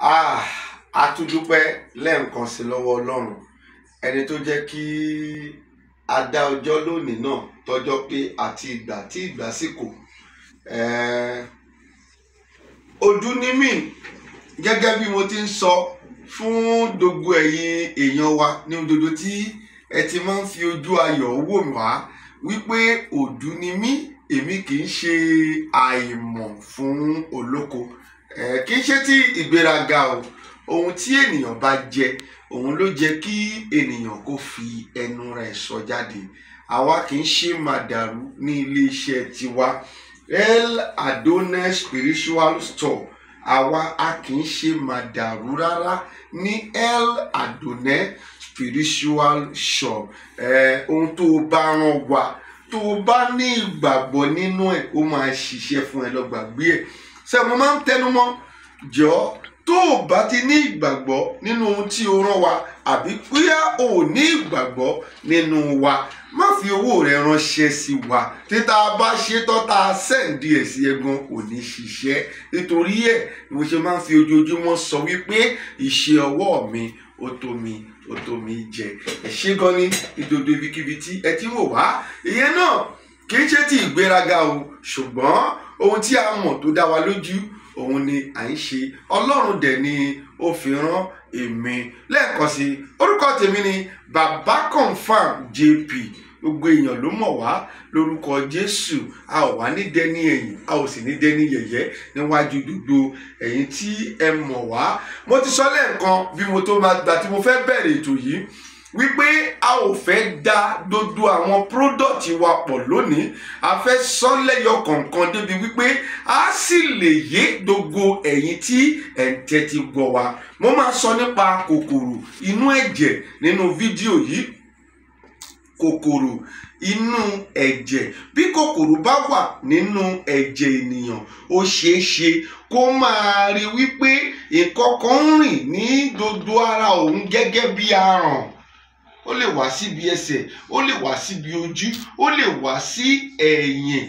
Ah, a tún dúpẹ́ lẹ́ẹ̀kan sí lọ́wọ́ ọlọ́run ẹni tó jẹ́ kí a dá ọjọ́ lónìí náà tọjọ́ pé àti ìgbà tí ìgbà sì kò eh, ojú ní mí gẹ́gẹ́ bí mo ti ń sọ fún gbogbo ẹ̀yin èèyàn wa ní òdodo tí ẹ ti máa ń fi ojú ayọ̀ wò wá wípé òdú ni mí èmi kì í ṣe àìmọ̀ fún olóko kì í ṣe ti ìgbéraga o ohun tí ènìyàn bá jẹ òun ló jẹ kí ènìyàn kó fi ẹnu rẹ̀ sọ jáde àwa kì ṣe màdàrú ní iléeṣẹ́ tiwa el adone spiritual store àwa a kì í ṣe màdàrú rárá ní el adone spiritual shop ohun tó bá rán wa tó bá ní ìgbàgbọ́ nínú ẹ̀ ó máa ṣiṣẹ́ fún ẹ lọ gbàgbé ẹ̀ ṣe mo máa ń tẹnu mọ́ jọ tó o bá ti ní ìgbàgbọ́ nínú ohun tí o rán wa àbí bóyá o ò ní ìgbàgbọ́ nínú wa má fi owó rẹ ránṣẹ́ sí wa títa bá ṣe tọ́ta sẹ́ǹdì ẹ̀ sí ẹ̀gan kò ní ṣiṣẹ́ nítorí ẹ̀ mo ṣe máa ń fi ojoojúmọ́ sọ wípé ìṣe ọwọ́ mi ó tó mi ó tó mi jẹ ẹ ṣé gan ni ìdodo ibikíbi tí ẹ ti wò wá ìyẹn náà kì í ṣe ti ìgbéraga o ṣùgbọ́n ohun tí a mọ̀ tó dá wa lójú òun ni à ń ṣe ọlọ́run dẹ̀ ni ó fi rán èmi lẹ́ẹ̀kan sí orúkọ tèmi ni baba confam jp gbogbo èèyàn ló mọ̀ wá lórúkọ jésù a ò wá ní dẹni ẹ̀yìn a ò sì ní dẹni yẹ̀yẹ́ níwájú gbogbo ẹ̀yin tí ẹ mọ̀ wá mo ti sọ lẹ́ẹ̀kan bí mo tó máa gbà tí mo fẹ́ bẹ̀rẹ̀ ètò yìí wípé a ò fẹ́ da dodo àwọn pródọ̀tì wa pọ̀ lónìí a fẹ́ sọ lẹ́yọ kọ̀ọ̀kan débi wípé a sì lè yé gbogbo ẹ̀yin tí ẹ̀ ń tẹ́tí gbọ́ wa mo máa sọ nípa kòkòrò inú ẹ̀jẹ̀ nínú fídíò yìí kòkòrò inú ẹ̀jẹ̀ bí kòkòrò bá wà nínú ẹ̀jẹ̀ ènìyàn ó ṣeé ṣe kó máa rí wípé nǹkan kan ń rìn ní dodo ara òun gẹ́gẹ́ bí aràn ó lè wá síbi ẹsẹ̀ ó lè wá síbi ojú ó lè wá sí ẹ̀yìn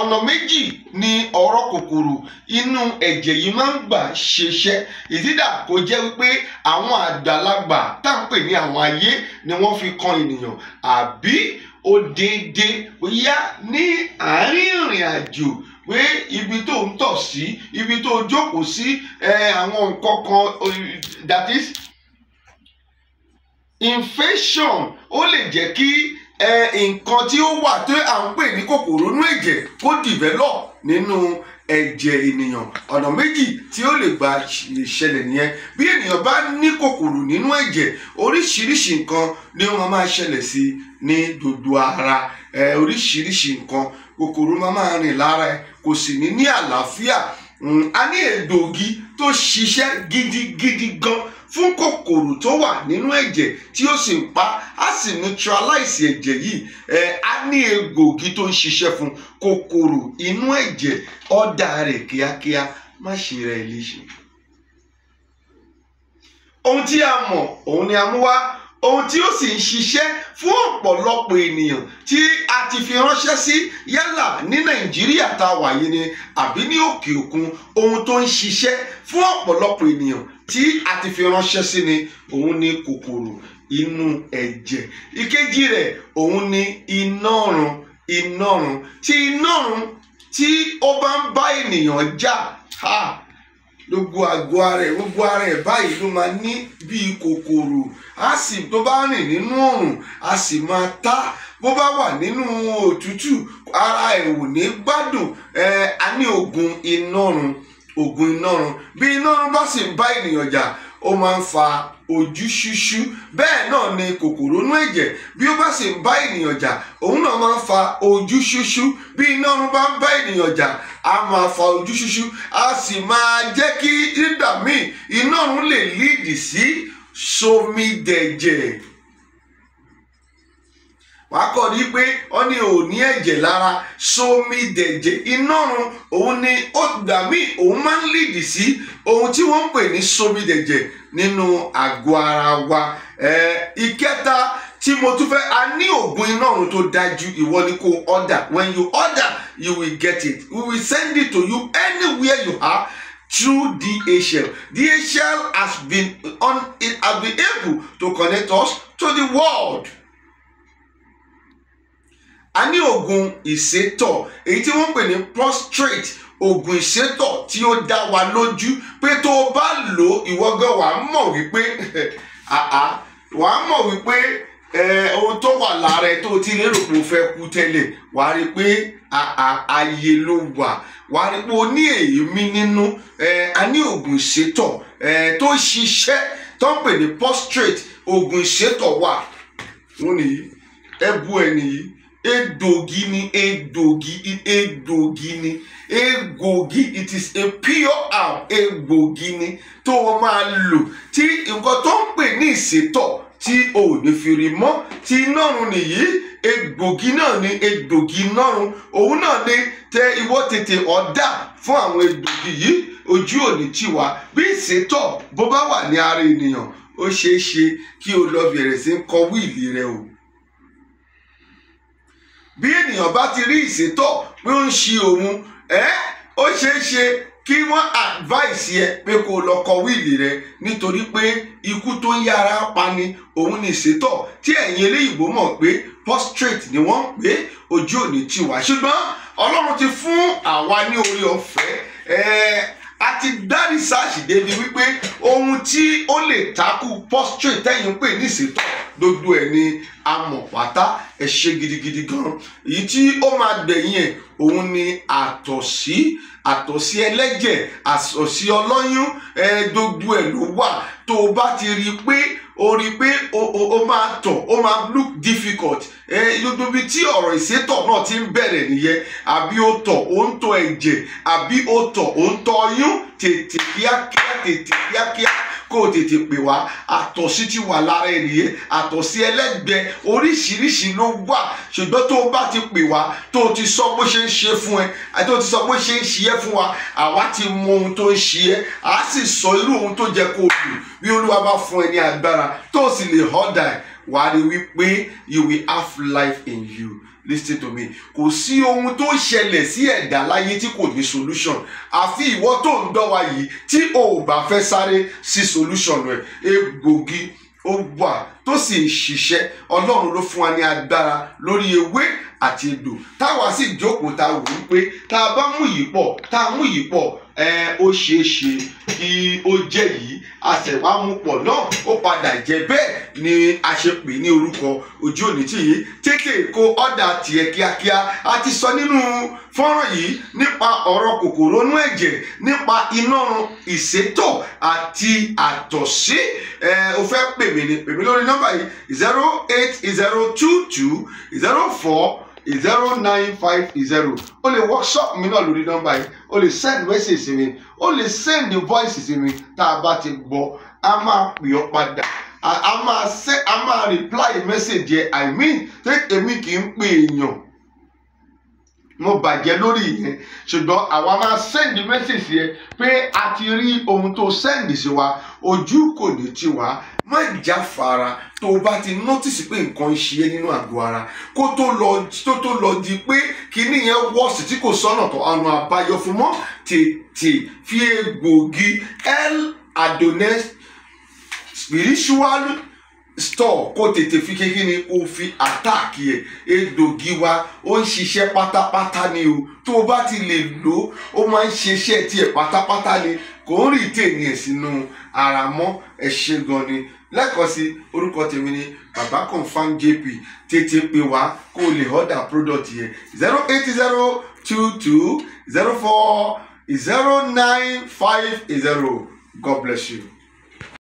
ọ̀nà méjì ni ọ̀rọ̀ kòkòrò inú ẹ̀jẹ̀ yìí máa ń gbà ṣiṣẹ́ ìdídà kò jẹ́ wípé àwọn àgbàlagbà tá à ń pè ní àwọn ayé ni wọ́n fi kan ènìyàn àbí òdèdè bóyá ní àárín ìrìn àjò pé ibi tó ń tọ̀ sí ibi tó jókòó sí àwọn nǹkan kan that is infection ó lè jẹ́ kí nǹkan tí ó wà tó à ń pè ní kòkòrò inú ẹ̀jẹ̀ kó develop nínú ẹ̀jẹ̀ ènìyàn ọ̀nà méjì tí ó lè gba lè ṣẹlẹ̀ nìyẹn bí ènìyàn bá ní kòkòrò nínú ẹ̀jẹ̀ oríṣiríṣi nǹkan ni ó máa ṣẹlẹ̀ sí ní gbogbo ara oríṣiríṣi nǹkan kòkòrò máa rìn lára ẹ kò sì ní ní àlàáfíà Mm, a ní egbòogi tó ṣiṣẹ́ gidigidi gan fún kòkòrò tó wà nínú ẹ̀jẹ̀ tí ó sì ń pa á sì neutralize ẹ̀jẹ̀ yìí ẹ̀ á ní egbòogi tó ń ṣiṣẹ́ fún kòkòrò inú ẹ̀jẹ̀ ọ̀dà rẹ̀ kíákíá má ṣe rẹ̀ léṣe. ohun tí a mọ̀ òun ni a mú wá ohun tí ó sì ń ṣiṣẹ́ fún ọ̀pọ̀lọpọ̀ ènìyàn tí a ti fi ránṣẹ́ sí yálà ní nàìjíríà tá a ni àbí ní òkè òkun ohun tó ń ṣiṣẹ́ fún ọ̀pọ̀lọpọ̀ ènìyàn tí a ti fi ránṣẹ́ sí ni òun ni kòkòrò inú ẹ̀jẹ̀ ìkejì rẹ̀ òun ni iná ọ̀run iná ọ̀run tí iná ọ̀run tí ó bá ń bá ènìyàn jà ha gbogbo àgọ́ ara gbogbo ara ẹ̀ báyìí ló máa ní bíi kòkòrò a sì tó bá rìn nínú oòrùn a sì máa ta bó bá wà nínú òtútù ara ẹ̀ ò ní gbádùn ẹ̀ á ní oògùn inọrun oògùn inọrun bí inọrun bá sì bá ènìyàn jà ó máa ń fa ojú ṣíṣú bẹ́ẹ̀ náà ni kòkòrò inú ẹ̀jẹ̀ bí ó bá sì ń bá ènìyàn jà òun náà máa ń fa ojú ṣíṣú bí iná ọ̀run bá ń bá ènìyàn jà a máa fa ojú ṣíṣú a sì máa jẹ́ kí nígbà míì iná ọ̀run lè líìdì sí somidẹ̀jẹ̀ wàá kọ̀ ní pé ọ ní ò ní ẹ̀jẹ̀ lára somi dẹ̀jẹ̀ iná run òun ni ó gbà mí òun máa ń lìdì sí ohun tí wọ́n ń pè ní somi dẹ̀jẹ̀ nínú àgọ́ ara wa ìkẹta tí mo tún fẹ́ a ní oògùn iná ọ̀run tó dájú ìwọ ni kó order when you order you will get it we will send it to you anywhere you are through DHL. DHL has been on it has been able to connect us to the world a ní oògùn ìsétọ̀ èyí tí wọ́n pè ní prostrate ogun ìsétọ̀ tí ó dá wa lójú pé tó o bá lò ó ìwọ gan wàá mọ̀ wípé wàá mọ̀ wípé ohun tó wà lára ẹ tó o ti lérò pé o fẹ́ kú tẹ́lẹ̀ wàá rí i pé ààyè ló wà wàá rí pé o ní èémí nínú a ní oògùn ìsétọ̀ tó ṣiṣẹ́ tó ń pè ní prostrate ogun ìsétọ̀ wà wọ́n nìyí ẹ bu ẹ nìyí edogi ni edogi edogi ni egbògi it is a pure herb egbògi ni tó o máa lò tí nǹkan tó ń pè ní ìṣètọ̀ tí o ò lè fi rí mọ́ tí nọ́run nìyí egbògi náà ni egbògi nọ́run òun náà ni tẹ ìwọ tètè ọ̀dà fún àwọn egbògi yìí ojú ò ní tì wá bí ìṣètọ̀ bó bá wà ní ara ènìyàn ó ṣeé ṣe kí o lọ bẹ̀rẹ̀ sí kọ wíìlì rẹ o bí ènìyàn bá ti rí ìṣètọ́ pé ó ń ṣe òun ó ṣeé ṣe kí wọ́n advice yẹ pé kó lọ kọ wíìlì rẹ nítorí pé ikú tó ń yára pani òun ni ìṣètọ́ tí ẹ̀yin eléyìnbó mọ̀ pé prostrate ni wọ́n ń pè ojú òní tiwa ṣùgbọ́n ọlọ́run ti fún àwa ní orí ọ̀fẹ́ a ti dá rìsáàsì débi wípé ohun tí ó lè takú posture tẹ́yìn pè ní ìsìtọ́ ẹ̀ ni amọ̀pátá ẹ̀ ṣe gidigidi gan èyí tí ó máa gbẹ̀yìn ẹ̀ òun ni àtọ̀sí àtọ̀sí ẹlẹ́jẹ̀ àtọ̀sí ọlọ́yún ẹ̀ dodo ẹ̀ ló wà tó o bá ti rí i pé o rí i pé o máa tọ̀ o máa look difficult gbogbo ibi tí ọ̀rọ̀ ìsétọ̀ náà ti ń bẹ̀rẹ̀ nìyẹn àbí o tọ̀ o ń tọ̀ ẹ̀jẹ̀ àbí o tọ̀ o ń tọ̀ ọyún tètè kíákíá tètè kíákíá kó o tètè pè wá àtọ̀sí ti wà lára ènìyàn àtọ̀sí ẹlẹ́gbẹ̀ẹ́ oríṣiríṣi ló wà ṣùgbọ́n tó o bá ti pè wá tó o ti sọ bó ṣe ń ṣe fún ẹ tó o ti sọ bó ṣe ń ṣe é fún wa àwa ti mọ ohun tó ń ṣe é a sì sọ irú ohun tó jẹ kó o lò bí olúwa bá fún ẹ ní agbára tó o sì lè họ́dà ẹ̀ wàá rí wípé you will have life in you listen to me kò sí ohun tó ṣẹlẹ̀ sí ẹ̀dá láyé tí kò ní solution àfi ìwọ tó ń dọ́ wa yìí tí o ò bá fẹ́ sáré sí solution rẹ̀ egbògi ó wà tó sì ń ṣiṣẹ́ ọlọ́run ló fún wa ní agbára lórí ewé àti èdò táwa sì jókòó ta wò ó pé tá a bá mú yìí pọ̀ tá a mú yìí pọ̀ ẹ ó ṣeé ṣe kí ó jẹ́ yìí àṣẹwámúpọ̀ náà ó padà jẹ́ bẹ́ẹ̀ ni a ṣe pè ní orúkọ ojú òní tí yìí tètè kó ọ̀dà tiẹ̀ kíákíá a ti sọ nínú fọ́nrán yìí nípa ọ̀rọ̀ kòkòrò inú ẹ̀jẹ̀ nípa iná ìsétọ̀ àti àtọ̀sí ẹ o fẹ́ pè mí ni pè mí lórí nọ́mbà yìí zero eight zero two two zero four zero nine five zero o lè workshop mi náà lórí nọ́mbà yìí o lè send message sí mi o lè send voice sí mi tá a bá ti gbọ́ a máa pè ọ́ padà a máa reply message yẹ i mean take èmi kì í pè èèyàn mo bàjẹ́ lórí ìyẹn ṣùgbọ́n àwa máa send message yẹn pé a ti rí ohun tó send sí wa ojú kò ní tì wá má jáfara tó o bá ti notice pé nǹkan ń ṣe é nínú àgọ́ ara kó tó lọ lọ di pé kinní yẹn wọ́ọ̀sì tí kò sọ́nà tó ọ̀nà àbáyọ fún mọ́ tètè fi egbògi l adonis spiritual store kó tètè fi kékeré ni kó fi attack yẹ egbògi wa ó ń ṣiṣẹ́ pátápátá ni o tó o bá ti lè lò ó máa ń ṣiṣẹ́ tiẹ̀ pátápátá ni kò ń rí tèmi ẹ̀ sínú ara mọ́ ẹ̀ ṣe gan ni lẹ́ẹ̀kan sí orúkọ tèmi ni baba confam jp tètè pè wá kó o lè order product yẹ zero eight zero two two zero four zero nine five zero god bless you.